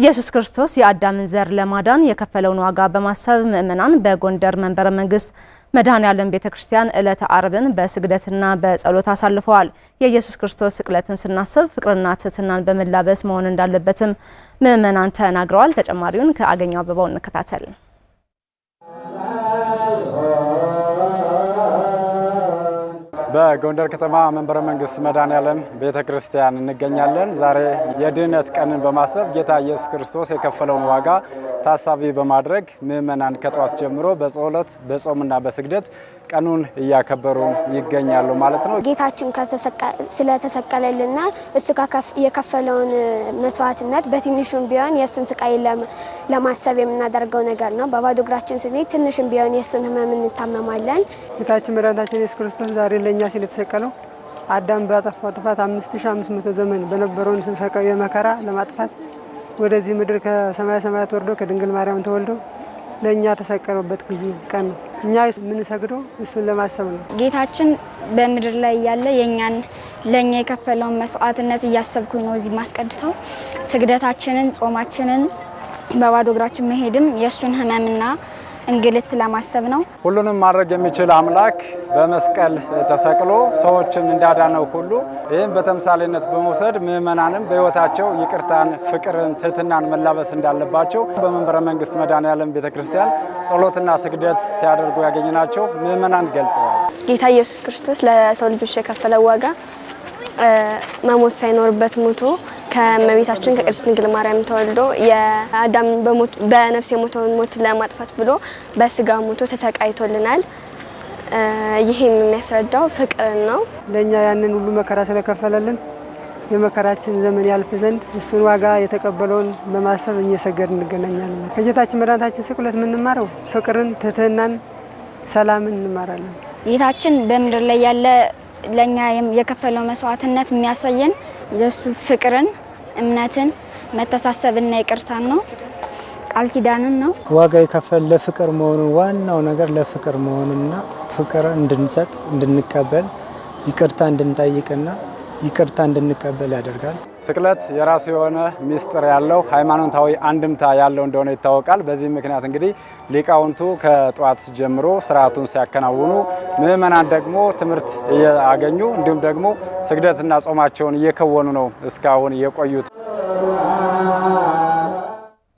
ኢየሱስ ክርስቶስ የአዳምን ዘር ለማዳን የከፈለውን ዋጋ በማሰብ ምዕመናን በጎንደር መንበረ መንግስት መድኃኔ ዓለም ቤተ ክርስቲያን ዕለተ አርብን በስግደትና በጸሎት አሳልፈዋል። የኢየሱስ ክርስቶስ ስቅለትን ስናስብ ፍቅርና ትህትናን በመላበስ መሆን እንዳለበትም ምዕመናን ተናግረዋል። ተጨማሪውን ከአገኘው አበባው እንከታተል። በጎንደር ከተማ መንበረ መንግስት መድኃኔዓለም ቤተ ክርስቲያን እንገኛለን። ዛሬ የድህነት ቀንን በማሰብ ጌታ ኢየሱስ ክርስቶስ የከፈለውን ዋጋ ታሳቢ በማድረግ ምዕመናን ከጠዋት ጀምሮ በጸሎት በጾምና በስግደት ቀኑን እያከበሩ ይገኛሉ ማለት ነው። ጌታችን ስለተሰቀለልና እሱ የከፈለውን መስዋዕትነት በትንሹም ቢሆን የእሱን ስቃይ ለማሰብ የምናደርገው ነገር ነው። በባዶ እግራችን ስንሄድ ትንሹም ቢሆን የእሱን ህመም እንታመማለን። ጌታችን መድኃኒታችን ኢየሱስ ክርስቶስ ዛሬ ለኛ ስላሴ ለተሰቀለው አዳም ባጠፋው ጥፋት 5500 ዘመን በነበረውን ስንሰቀው የመከራ ለማጥፋት ወደዚህ ምድር ከሰማያ ሰማያት ወርዶ ከድንግል ማርያም ተወልዶ ለእኛ ተሰቀለበት ጊዜ ቀን ነው። እኛ የምንሰግደው እሱን ለማሰብ ነው። ጌታችን በምድር ላይ እያለ የእኛን ለእኛ የከፈለውን መስዋዕትነት እያሰብኩኝ ነው እዚህ ማስቀድተው። ስግደታችንን፣ ጾማችንን፣ በባዶ እግራችን መሄድም የእሱን ህመምና እንግልት ለማሰብ ነው። ሁሉንም ማድረግ የሚችል አምላክ በመስቀል ተሰቅሎ ሰዎችን እንዳዳነው ሁሉ ይህም በተምሳሌነት በመውሰድ ምዕመናንም በሕይወታቸው ይቅርታን፣ ፍቅርን፣ ትህትናን መላበስ እንዳለባቸው በመንበረ መንግስት መድኃኔዓለም ቤተ ክርስቲያን ጸሎትና ስግደት ሲያደርጉ ያገኘናቸው ምዕመናን ገልጸዋል። ጌታ ኢየሱስ ክርስቶስ ለሰው ልጆች የከፈለው ዋጋ መሞት ሳይኖርበት ሞቶ ከመቤታችን ከቅድስት ድንግል ማርያም ተወልዶ የአዳም በነፍስ የሞተውን ሞት ለማጥፋት ብሎ በስጋ ሞቶ ተሰቃይቶልናል። ይህም የሚያስረዳው ፍቅርን ነው። ለእኛ ያንን ሁሉ መከራ ስለከፈለልን የመከራችን ዘመን ያልፍ ዘንድ እሱን ዋጋ የተቀበለውን በማሰብ እየሰገድ እንገናኛለን። ከጌታችን መድኃኒታችን ስቅለት የምንማረው ፍቅርን፣ ትህትናን፣ ሰላምን እንማራለን። ጌታችን በምድር ላይ ያለ ለእኛ የከፈለው መስዋዕትነት የሚያሳየን የእሱ ፍቅርን እምነትን፣ መተሳሰብና ይቅርታን ነው። ቃል ኪዳንን ነው። ዋጋ የከፈል ለፍቅር መሆኑን ዋናው ነገር ለፍቅር መሆንና ፍቅር እንድንሰጥ እንድንቀበል፣ ይቅርታ እንድንጠይቅና ይቅርታ እንድንቀበል ያደርጋል። ስቅለት የራሱ የሆነ ሚስጥር ያለው ሃይማኖታዊ አንድምታ ያለው እንደሆነ ይታወቃል። በዚህ ምክንያት እንግዲህ ሊቃውንቱ ከጠዋት ጀምሮ ስርዓቱን ሲያከናውኑ፣ ምዕመናን ደግሞ ትምህርት እያገኙ እንዲሁም ደግሞ ስግደትና ጾማቸውን እየከወኑ ነው እስካሁን የቆዩት።